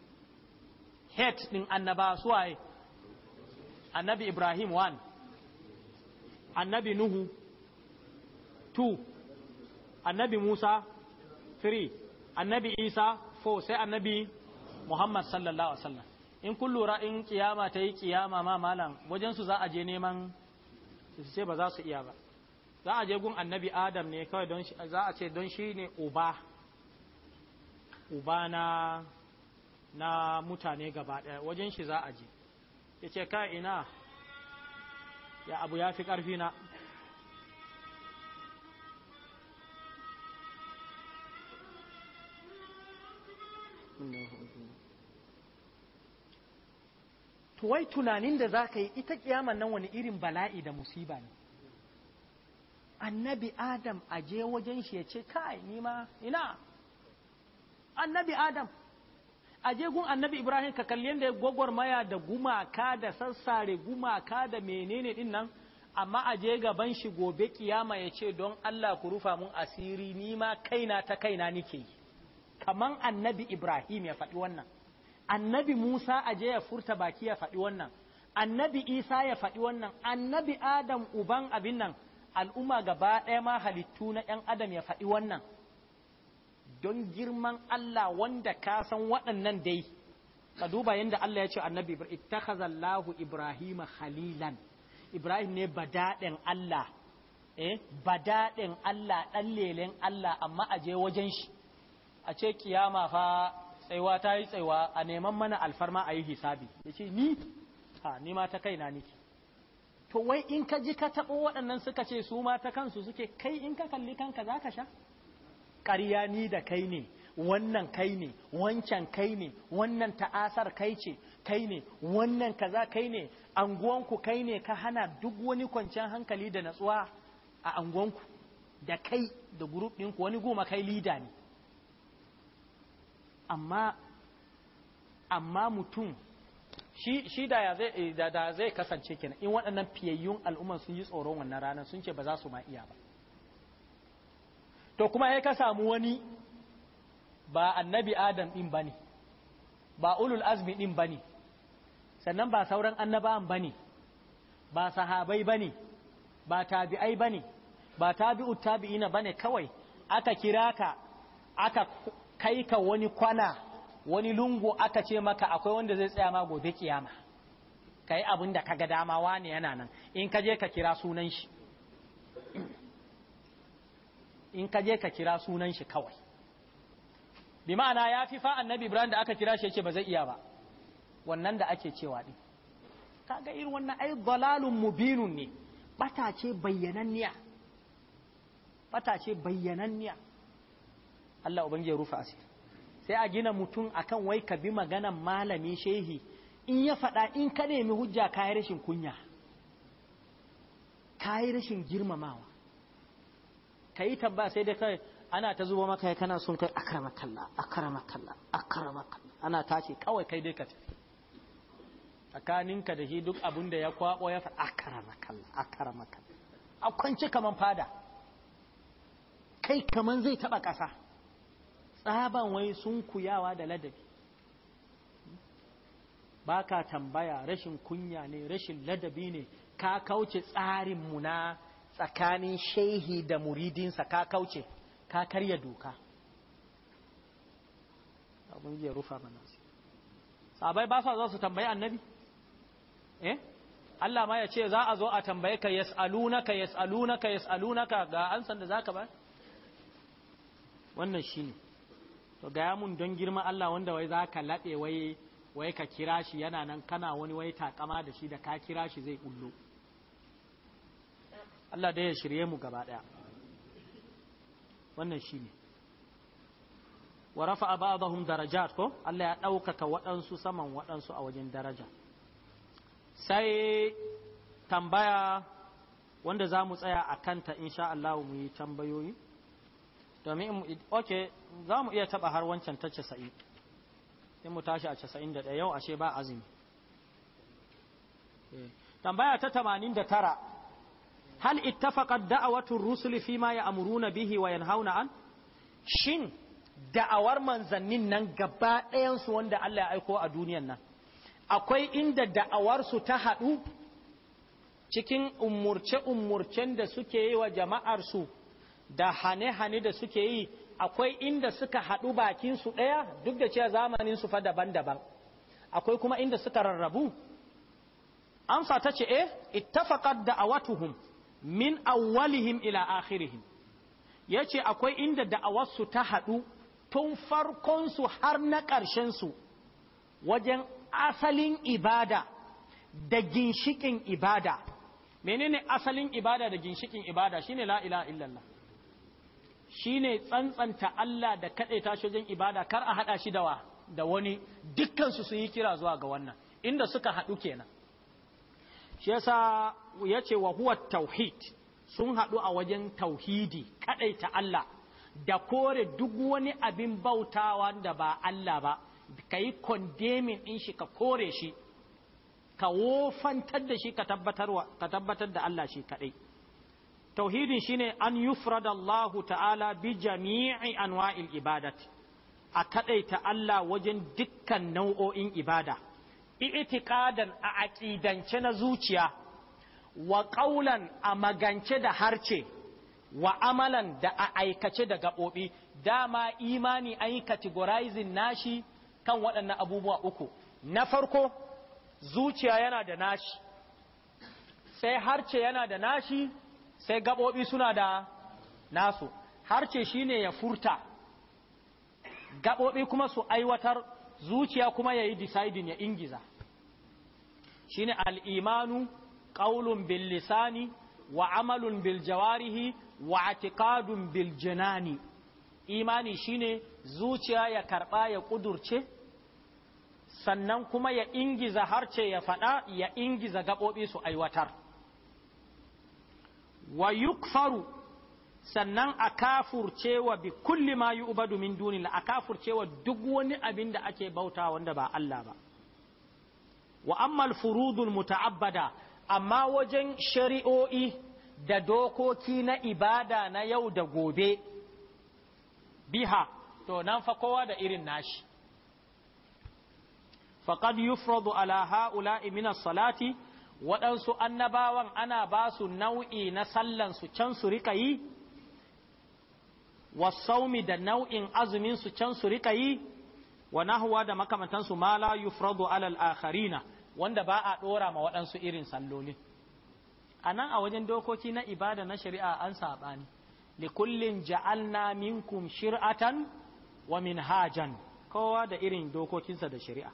het din annaba su waye annabi Ibrahim wan annabi Nuhu two annabi Musa three annabi Isa Fo sai annabi Muhammad sallallahu alaihi wasallam in kun lura in kiyama ta yi kiyama ma malam wajen su za a je neman su ce ba za su iya ba za a je gun annabi Adam ne kawai don za a ce don shi ne uba uba na na mutane gaba ɗaya wajen shi za a je yace ce ka ina ya abu ya fi ƙarfi na Tuwai tunanin da za ka yi ita kiyaman nan wani irin bala'i da musiba ne annabi adam a je wajen shi ya ce kai nima ina annabi adam a je gun annabi ibrahim ka kalli yadda ya maya da gumaka da sassare gumaka da menene din nan amma a je gaban shi gobe kiyama ya ce don allah ku rufa mun asiri nima kaina ta kaina nike yi kaman annabi Ibrahim ya faɗi wannan annabi Musa aje ya furta baki ya faɗi wannan annabi Isa ya faɗi wannan annabi Adam uban abin nan al'umma gaba ɗaya ma halittu na ‘yan adam ya faɗi wannan don girman Allah wanda ka san waɗannan dai ka duba yadda Allah ya ce annabi ittakhazallahu ibrahima khalilan ibrahim ne badaɗin Allah eh badaɗin Allah ɗan lelen Allah amma aje wajen shi a ce kiyama fa tsaiwa ta yi tsaiwa a neman mana alfarma a yi hisabi ya ce ni ha ni ma ta kai na niki to wai in ka ji ka taɓo waɗannan suka ce su ma ta kansu suke kai in ka kalli kanka za ka sha ƙarya ni da kai ne wannan kai ne wancan kai ne wannan ta'asar kai ce kai ne wannan kaza kai ne anguwanku kai ne ka hana duk wani kwanciyar hankali da natsuwa a anguwanku da kai da group ɗinku wani goma kai lida ne amma amma mutum shi shi da ya zai kasance kenan in waɗannan fiyayyun al'umma sun yi tsoron wannan ranar sun ce ba za su ma iya ba to kuma ya ka samu wani ba annabi adam ba bane ba ulul azmi ba bane sannan ba sauran ba bane ba sahabai bane ba tabi'ai bane ba tabi'ut tabi'ina bane kawai aka kira ka aka kai ka wani kwana wani lungu aka ce maka akwai wanda zai tsaya ma gobe kiyama kai abin da ga dama wani yana nan in ka je ka kira sunan shi in ka je ka kira sunan shi kawai bi ma'ana ya fi fa'an annabi ibrahim da aka kira shi yace ba zai iya ba wannan da ake cewa din kaga irin wannan ai dalalun mubinun ne bata ce bayyananniya bata Allah ubangi ya rufa asiri sai a gina mutum akan wai ka bi maganan malami shehi in ya faɗa in ka nemi hujja ka yi rashin kunya ka yi rashin girmamawa ka yi tabba sai da kai ana ta zuba maka ya kana sun kai akara kalla akara kalla akara kalla ana tashi kawai kai dai ka tafi tsakaninka da shi duk abin da ya kwabo ya faɗa akara kalla akara kalla a kaman fada kai kaman zai taɓa ƙasa tsaban wai sun kuyawa da ladabi ba ka tambaya rashin kunya ne rashin ladabi ne ka kauce tsarinmu na tsakanin shehi da muridinsa ka kauce ka karya doka abin ya rufa mana sabai ba sa zo su tambayi annabi eh Allah ma ya ce za a zo a tambaye ka yas'alunaka yas'alunaka yas'alunaka ga ansan da zaka ba wannan shine to gaya mun don girma Allah wanda wai za ka laɓe wai wai ka kira shi yana nan kana wani wai takama da shi da ka kira shi zai kullo Allah dai ya shirye mu gaba daya wannan shine wa a ba'dahum darajat ko Allah ya ɗaukaka waɗansu saman waɗansu a wajen daraja sai tambaya wanda za mu tsaya a kanta insha Allah mu yi tambayoyi domin oke za mu iya taba har wancan ta casa'in in mu tashi a casa'in da yau ashe ba azumi eh, tambaya ta tamanin da tara hal ittafaqat da'awatu rusuli fi ma ya'muruna bihi wa yanhauna an shin da'awar manzannin nan gaba ɗayansu wanda Allah ya aiko a duniyan nan akwai inda da'awar su ta haɗu cikin umurce umurcen da suke yi wa jama'ar su da hane-hane da suke yi akwai inda suka haɗu bakinsu ɗaya duk da cewa zamaninsu fa daban-daban akwai kuma inda suka rarrabu amsa ta ce eh ittafaqat da'awatuhum min awwalihim ila akhirihim yace akwai inda da'awarsu ta haɗu tun farkon su har na ƙarshen su wajen asalin ibada da ginshikin ibada menene asalin ibada da ginshikin ibada shine la ilaha illallah shine tsantsanta Allah da kadaita shi wajen ibada kar a haɗa shi da wa da wani dukkansu su sun yi kira zuwa ga wannan inda suka haɗu kenan shi yasa yace wa huwa tauhid sun haɗu a wajen tauhidi kadaita Allah da kore duk wani abin bautawa da ba Allah ba kai kondemin din shi ka kore shi ka wofantar da shi ka tabbatar da Allah shi kadai tauhidin shine an yufradallahu ta'ala bi jami'i anwa'il ibadati a kadaita Allah wajen dukkan nau'o'in ibada i'tiqadan a aqidance na zuciya wa qaulan a magance da harce wa amalan da a aikace da gabobi dama imani ayi categorizing nashi kan waɗannan abubuwa uku na farko zuciya yana da nashi sai harce yana da nashi sai gabobi suna da nasu harce ne ya furta gabobi kuma su aiwatar zuciya kuma ya yi deciding ya ingiza shi ne al'imanu ƙaulun bil lisani wa amalun bil jawarihi wa atiqadun bil jinani imani ne zuciya ya karɓa ya ƙudurce sannan kuma ya ingiza harce ya faɗa ya ingiza gabobi su aiwatar wa yukfaru sannan a kafurcewa wa bi kulli ma yu'badu min a kafurcewa duk wani abin da ake bauta wanda ba Allah ba wa amma furudul muta'abbada amma wajen shari'o'i da dokoki na ibada na yau da gobe biha to nan fa kowa da irin nashi faqad yufradu ala ha'ula'i min as-salati waɗansu annabawan ana ba su nau'i na sallansu can su rika yi wasaumi da nau'in azumin su can su rika yi wa nahuwa da makamantansu ma la yufradu alal akharina wanda ba a ɗora ma waɗansu irin sallolin a nan a wajen dokoki na ibada na shari'a an saɓani li kullin ja'alna minkum shir'atan wa minhajan kowa da irin dokokinsa da shari'a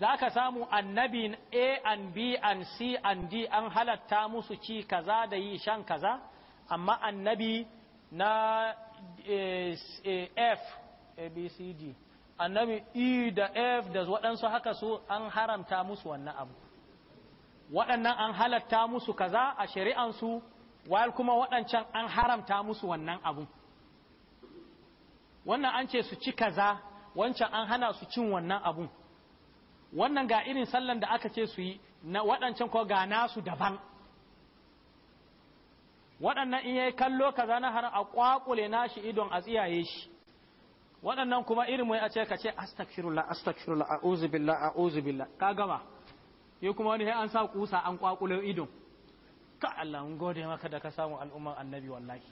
za ka samu annabin a and b and c and d an halatta musu ci kaza da yi shan kaza amma annabi na eh, eh, f a b c d annabi e da f da waɗansu haka su an haramta musu wannan abu waɗannan an halatta musu kaza a shari'ansu wal kuma waɗancan an haramta musu wannan abu wannan an ce su ci kaza wancan an hana su cin wannan abun wannan ga irin sallan da aka ce su yi na waɗancan ko ga nasu daban waɗannan in yayi kallo kaza na har a kwakule nashi idon a tsiyaye shi waɗannan kuma irin mai a ce ka ce astaghfirullah astaghfirullah a'udhu billahi a'udhu billahi ka gama yi kuma wani an sa kusa an kwakule idon ka Allah mun gode maka da ka samu al'umman annabi wallahi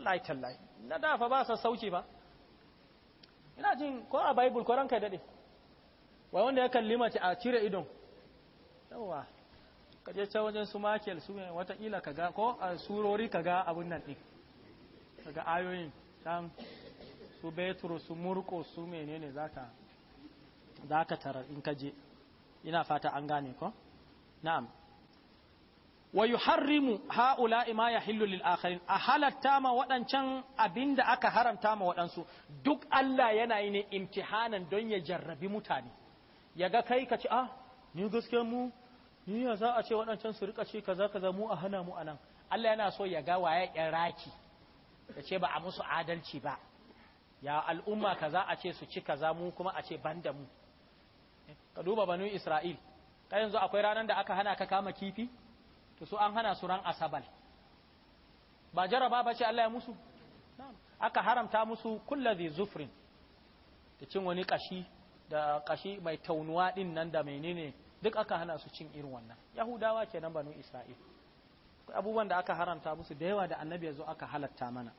lai tallahi na dafa ba sa sauki ba ina jin ko a bible ko ranka dade wai wanda ya kalli mace a cire idon yawa ka je wajen su makel su ne watakila ka ga ko a surori ka ga abin nan ɗin ka ayoyin can su betro su murko su menene zaka zaka tara in ka je ina fata an gane ko na'am wa yuharrimu Ima ya yahillu lil akharin a halatta ma wadancan abinda aka haramta ma wadansu duk Allah yana yi ne imtihanan don ya jarrabi mutane ya ga kai ka ci a ah, ni gaske mu ni ya za a ce waɗancan su rika ce kaza kaza mu a hana mu a nan. Allah yana so ya ga waye ƴan raki ya ce ba a musu adalci ba ya al'umma kaza a ce su ci kaza mu kuma a ce banda mu ka duba banu Isra'il ka yanzu akwai ranar da aka hana ka kama kifi to su an hana su ran asabal ba jaraba ba ce Allah ya musu aka haramta musu kullazi zufrin da cin wani kashi da kashi mai taunuwa din nan da menene duk aka hana su cin irin wannan yahudawa kenan banu isra'il abubuwan da aka haramta musu da yawa da annabi yazo aka halatta mana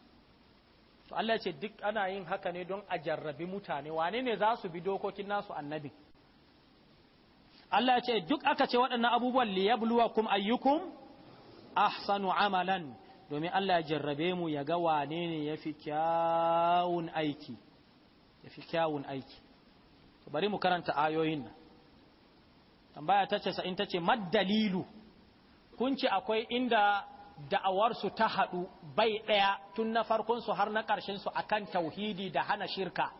to Allah ya ce duk ana yin haka ne don a jarrabi mutane wane ne za su bi dokokin nasu annabi Allah ya ce duk aka ce waɗannan abubuwan liyabluwakum ayyukum ahsanu amalan domin Allah ya jarrabe mu ya ga wane ne yafi kyawun aiki yafi kyawun aiki bari mu karanta ayoyin nan tambaya ta ce sa'in ta ce maddalilu kun ce akwai inda da'awarsu ta haɗu bai ɗaya tun na farkon su har na ƙarshensu su akan tauhidi da hana shirka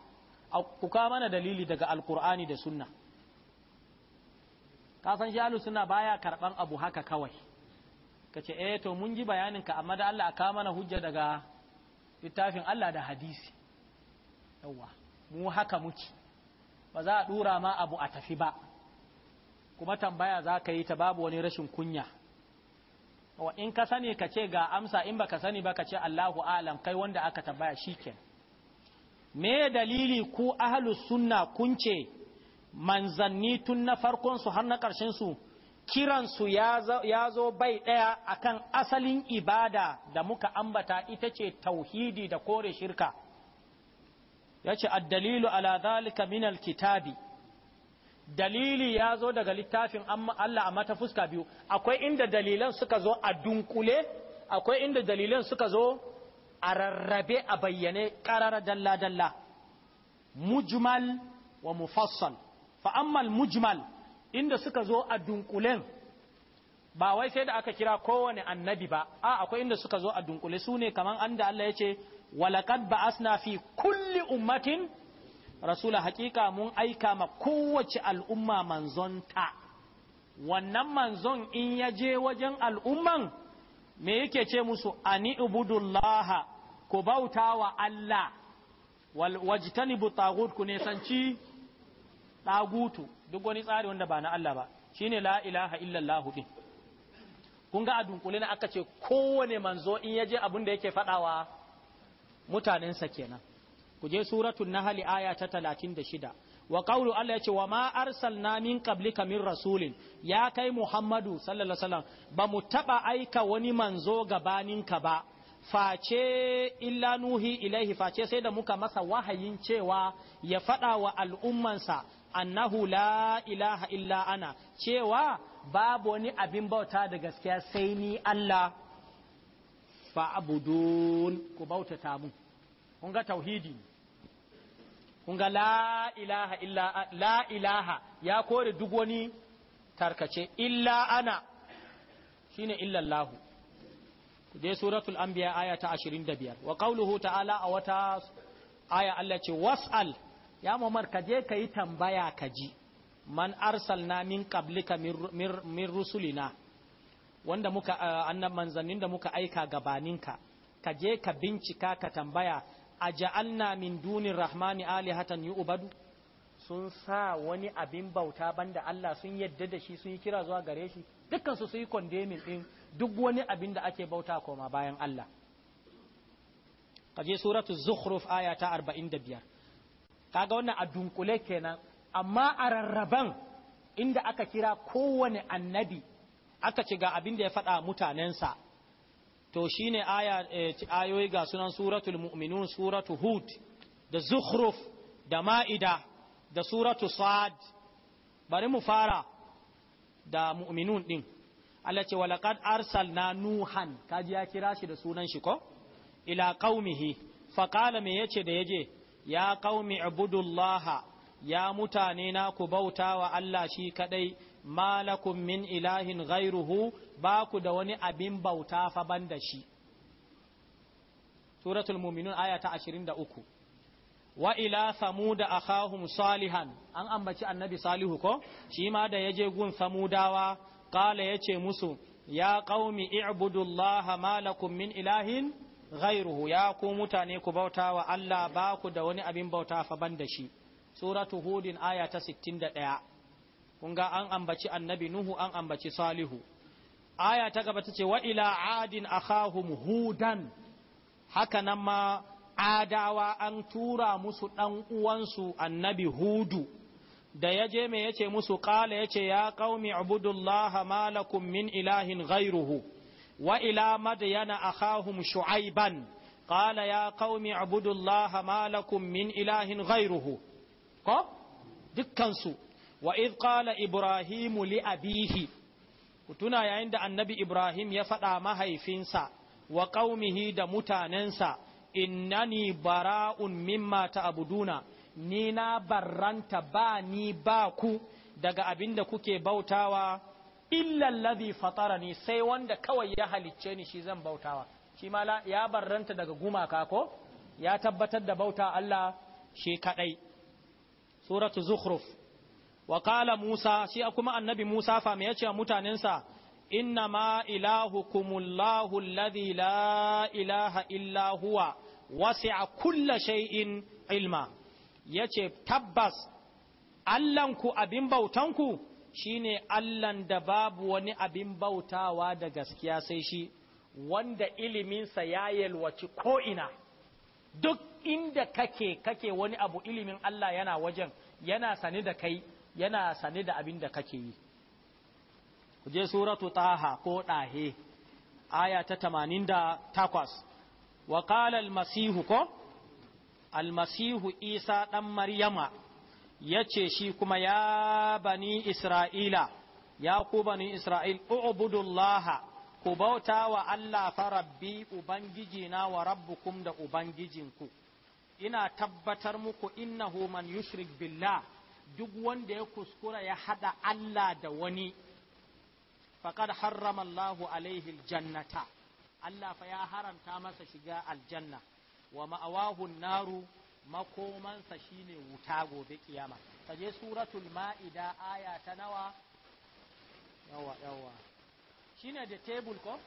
ku kawo mana dalili daga alkur'ani da sunna kasan shalu suna baya karɓan abu haka kawai ka ce eh to mun ji bayaninka amma da Allah a kawo mana hujja daga littafin Allah da hadisi yawwa mu haka muke ba za a dura ma abu a tafi ba kuma tambaya za ka yi ta babu wani rashin kunya wa in ka sani ka ce ga amsa in baka sani ba ka ce Allahu alam kai wanda aka tambaya shiken. me dalili ku ahlus sunna kun ce manzanni tun na farkon su har na ƙarshen su kiran su ya zo bai ɗaya akan asalin ibada da muka ambata ita ce tauhidi da kore shirka yace a dalilu ala zalika min kitabi dalili ya zo daga littafin Allah a mata fuska biyu akwai inda dalilan suka zo a dunkule akwai inda dalilan suka zo a rarrabe a bayyane ƙarara dalla-dalla mujmal wa mufassal fa'ammal mujmal inda suka zo a dunkulen ba wai sai da aka kira kowane annabi ba a akwai inda suka zo a dunkule su ne kamar an da Allah ya ce walaqad ba'asna fi kulli ummatin rasula haƙiƙa mun aika ma kowace al'umma manzonta wannan manzon in ya je wajen al'umman me yake ce musu ani ubudullaha ku bauta wa Allah wajtanibu tagut ku nesanci tagutu duk wani tsari wanda ba na Allah ba shine la ilaha illallah din kun ga a dunkule na aka ce kowane manzo in ya je abin da yake faɗawa mutanensa kenan ku je suratul nahl aya ta 36 wa qawlu Allah yace wa ma arsalna min qablika min rasulin ya kai Muhammadu sallallahu alaihi wasallam ba mu taba aika wani manzo gabaninka ba face illa nuhi ilaihi face sai da muka masa wahayin cewa ya faɗa wa al'ummansa annahu la ilaha illa ana cewa babu wani abin bauta da gaskiya sai ni Allah fa'abudun ku bautata mun kun ga tauhidi kun ga la ilaha illa la ilaha ya kore duk wani tarkace illa ana shine illallahu dai suratul anbiya aya ta 25 wa qawluhu ta'ala a wata aya Allah ce was'al ya Muhammad ka je kayi tambaya ka ji man arsalna min qablika min rusulina wanda muka annab manzannin da muka aika gabaninka ka je ka bincika ka tambaya a ja'alna min dunin rahmani alihatan Ubadu sun sa wani abin bauta banda Allah sun yadda da shi sun yi kira zuwa gare shi dukkan su su yi condemning din duk wani abin da ake bauta koma bayan Allah Ka je suratu zukhruf aya ta 45 kaga wannan a dunkule kenan amma a rarraban inda aka kira kowane annabi aka ce ga abin da ya faɗa mutanensa to shi ne eh, ayoyi ga sunan suratul mu'minun suratu hud da zukhruf da ma'ida da suratu Saad. bari mu fara da mu'minun din Allah ce arsal na nuhan kaji ya kira shi da sunan shi ko ila qaumihi faqala me yace da yaje ya ƙaumi ibudullaha ya mutane na ku bauta wa Allah shi kaɗai Malakun min ilahin ghairuhu ba ku da wani abin bauta fa da shi suratul muminun aya ta 23 wa ila samuda akhahum salihan an ambaci annabi salihu ko shi ma da yaje gun samudawa kala yace musu ya qaumi i'budullaha malakum min ilahin ghairuhu ya ku mutane ku bauta wa Allah ba ku da wani abin bauta fa da shi suratu hudin aya ta 61 kun ga an ambaci annabi nuhu an ambaci salihu aya ta gaba tace wa ila adin akhahum hudan haka nan ma adawa an tura musu dan uwansu annabi hudu da ya je me yace musu qala yace ya qaumi ma malakum min ilahin ghairuhu wa ila madyana akhahum shu'aiban qala ya qaumi ibudullaha malakum min ilahin ghairuhu ko dukkan wa idh qala ibrahimu li abihi tuna yayin da annabi ibrahim ya faɗa mahaifinsa wa ƙaumihi da mutanensa innani bara'un mimma ta'buduna ni na barranta ba ni ba ku daga abin da kuke bautawa illa allazi fatarani sai wanda kawai ya halicce ni shi zan bautawa shi ma ya barranta daga gumaka ko ya tabbatar da bauta Allah shi kadai suratu zukhruf wa musa shi kuma annabi musa ya ce a mutanensa inna ma ilahukumullahu alladhi la ilaha illa huwa wasi'a kulla shay'in ilma yace tabbas allanku abin bautanku shine allan da babu wani abin bautawa da gaskiya sai shi wanda iliminsa ya yalwaci ko'ina duk inda kake kake wani abu ilimin Allah yana wajen yana sani da kai yana sane da abin da kake yi ku je suratu taha ko ɗahe aya ta tamanin da takwas wa almasihu ko almasihu isa ɗan maryama ya ce shi kuma ya bani isra'ila ya ku bani isra'il u'budullaha ku bauta wa Allah farabbi ubangijina wa rabbukum da ubangijinku ina tabbatar muku innahu man yushrik billah duk wanda ya kuskura ya hada Allah da wani faƙar harrama Allahu alaihi aljannata Allah fa ya haramta masa shiga aljanna wa ma'awahu naru makomansa shine wuta gobe kiyama taje suratul ma'ida aya ta nawa yawa yawa shine da table ko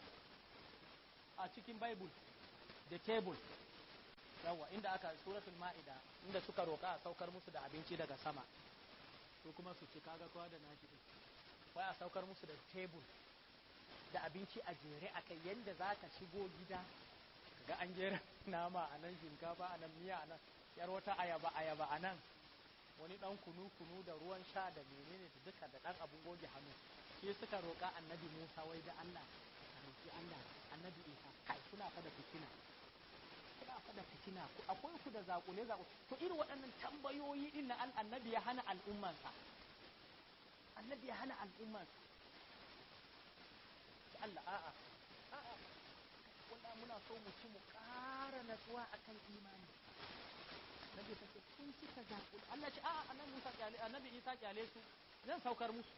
a cikin bible da table yawa inda aka suratul ma'ida inda suka roka a saukar musu da abinci daga sama su kuma su ci kaga kowa da nashi wai a saukar musu da tebur da abinci a jere a kai yadda za ka shigo gida ga an jera nama a nan shinkafa a nan miya a nan yar wata ayaba ayaba a nan wani dan kunu kunu da ruwan sha da menene da duka da dan abun goge hannu shi suka roka annabi Musa wai da Allah a Allah annabi Isa kai suna fa da fitina ba fa fitina ku akwai ku da zakule zakule to irin waɗannan tambayoyi din na annabi ya hana al'ummansa annabi ya hana al'ummansa Allah a'a a'a wallahi muna so mu ci mu ƙara natsuwa akan imani nabi ta ce kun cika zakule Allah ce a'a annabi Musa kyale annabi Isa kyale su zan saukar musu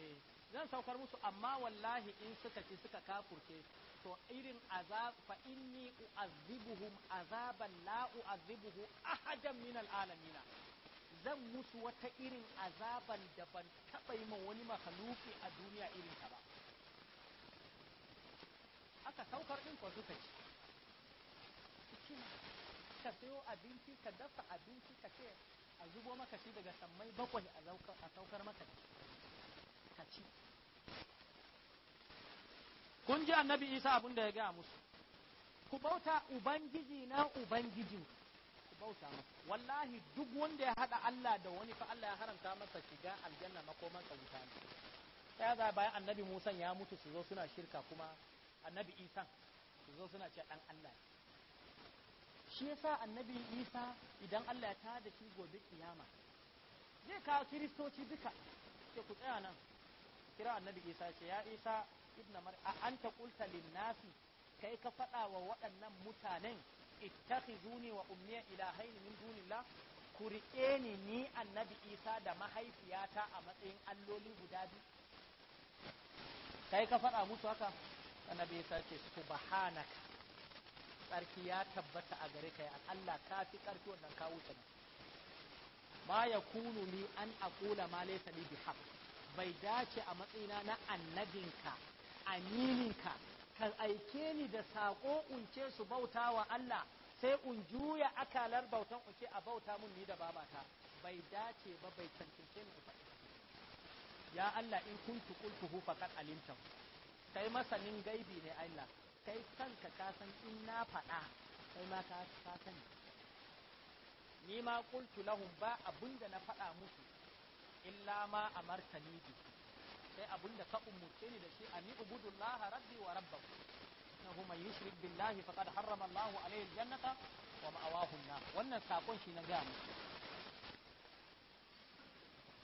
eh zan saukar musu amma wallahi in suka ci suka kafurce to irin azab fa inni u'azzibuhum azaban la u'azzibuhu ahadan min alamin zan musu wata irin azaban da ban taba yi wani makhluki a duniya irin ta ba aka saukar din ko suka ci ka sayo abinci ka dafa abinci ka ce a zubo maka shi daga sammai bakwai a saukar maka ka ci kun ji annabi isa abin da ya gaya musu ku bauta ubangiji na ubangiji ku bauta masa wallahi duk wanda ya hada Allah da wani fa Allah ya haramta masa shiga aljanna makoman wuta ne sai ga bayan annabi Musa ya mutu su zo suna shirka kuma annabi Isa su zo suna ce dan Allah shi yasa annabi Isa idan Allah ya tada shi gobe kiyama zai kawo kiristoci duka ke ku tsaya nan kira annabi Isa ce ya Isa ibn mar a ta qulta lin nasi kai ka faɗa wa waɗannan mutanen ittakhizuni wa ummiya ilahaini min dunillah ku riƙe ni annabi isa da mahaifiyata a matsayin alloli guda biyu kai ka faɗa musu haka annabi isa ce subhanaka tsarki ya tabbata a gare ka ya Allah ka fi karfi wannan ka wuce ni ma yakunu li an aqula ma laysa li bihaq bai dace a matsayina na annabinka amininka ka aike ni da saƙo unce su bauta wa Allah sai un juya akalar bautan uke a bauta mun ni da babata bai dace ba bai cancance ni ba ya Allah in kuntu qultuhu faqad alimta kai masanin gaibi ne Allah kai kanka ka san in na faɗa kai ma ka ka san ni ma qultu lahum ba abunda na faɗa musu illa ma amartani bihi sai abin da ka umurce ni da shi an ubudu Allah rabbi wa rabbakum innahu man yushrik billahi faqad harrama Allahu alayhi aljannata wa ma'awahu an wannan sakon shi na ga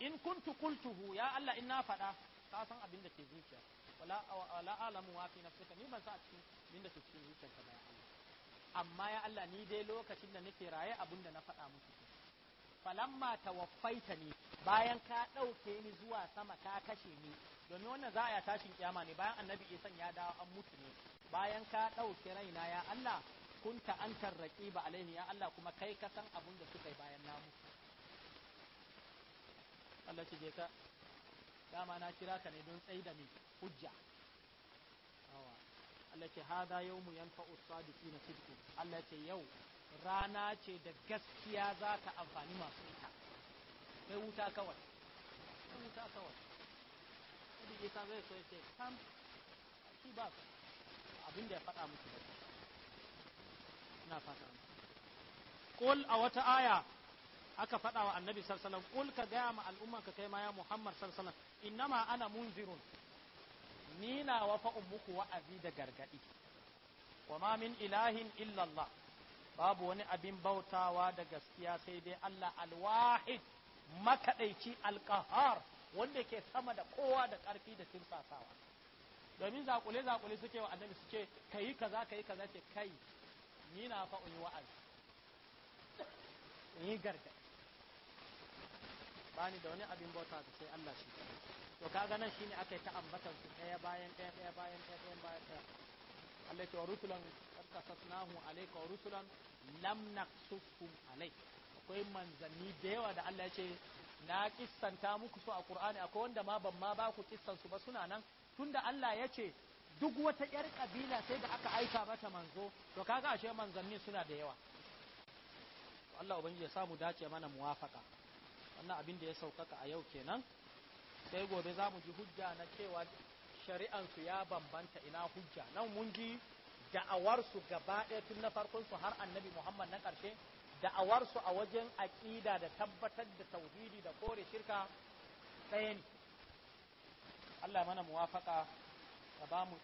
in kuntu qultuhu ya Allah in na faɗa ka san abin da ke zuciya wala wala alamu wa fi nafsika ni ban san a cikin abin da ke cikin zuciyarka ba amma ya Allah ni dai lokacin da nake raye abin da na faɗa musu falamma tawaffaita ne bayan ka ɗauke ni zuwa sama ka kashe ni domin wannan za a yi tashin kiyama ne bayan annabi isan ya dawo an mutu ne bayan ka ɗauke raina ya Allah kunta antar ba alaihi ya Allah kuma kai ka san abun da suka yi bayan na mutu Allah ce je ka dama na kira ka ne don tsayi da hujja Allah ce hada yawmu yanfa'u sadiqina sidqu Allah ce yau rana ce da gaskiya za ta amfani masu ita sai wuta kawai sai wuta kawai Sai wani isa zai so ya ce a shi ba abin da ya faɗa musu da ina fata kul a wata aya aka faɗa wa annabi sarsalan kul ka gaya ma al'umman ka kai ma ya muhammad sarsalan innama ana munzirun ni na wafa muku wa'azi da gargaɗi wa ma min ilahin illallah babu wani abin bautawa da gaskiya sai dai Allah alwahid makaɗaici alkahar wanda ke sama da kowa da ƙarfi da tirsasawa domin zakule zakule suke wa annabi suke kayi kaza kayi kaza ce kai ni na fa uyi wa'azi ni garga bani da wani abin bauta da sai Allah shi to kaga nan shine aka ta ambatan su ɗaya bayan ɗaya ɗaya bayan ɗaya bayan ɗaya Allah ya wa kasasnahu alayka rusulan lam naqsuhum akwai manzanni da yawa da Allah ya ce na kissanta muku su a Qur'ani akwai wanda ma ban ma ba ku kissan su ba suna nan tunda Allah ya ce duk wata yar kabila sai da aka aika mata manzo to kaga ashe manzanni suna da yawa Allah ubangiji ya samu dace mana muwafaka wannan abin da ya saukaka a yau kenan sai gobe za mu ji hujja na cewa su ya bambanta ina hujja nan mun ji da'awarsu gaba ɗaya tun na farkonsu har annabi Muhammad na ƙarshe da'awarsu a wajen aƙida da tabbatar da tauhidi da kore shirka ɗaya ne Allah mana muwafaka ka ba mu